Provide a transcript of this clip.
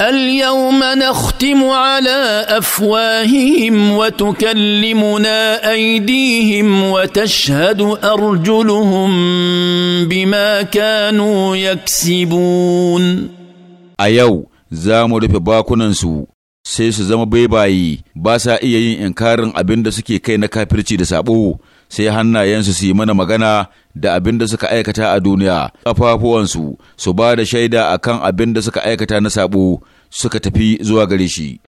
اليوم نختم على افواههم وتكلمنا ايديهم وتشهد ارجلهم بما كانوا يكسبون a yau za mu rufe su sai su zama baibayi ba sa iya yin inkarin abin da suke kai na kafirci da saɓo. sai hannayensu su yi mana magana da abin da suka aikata a duniya ƙafafuwansu su ba da shaida akan abin da suka aikata na sabo suka tafi zuwa gare shi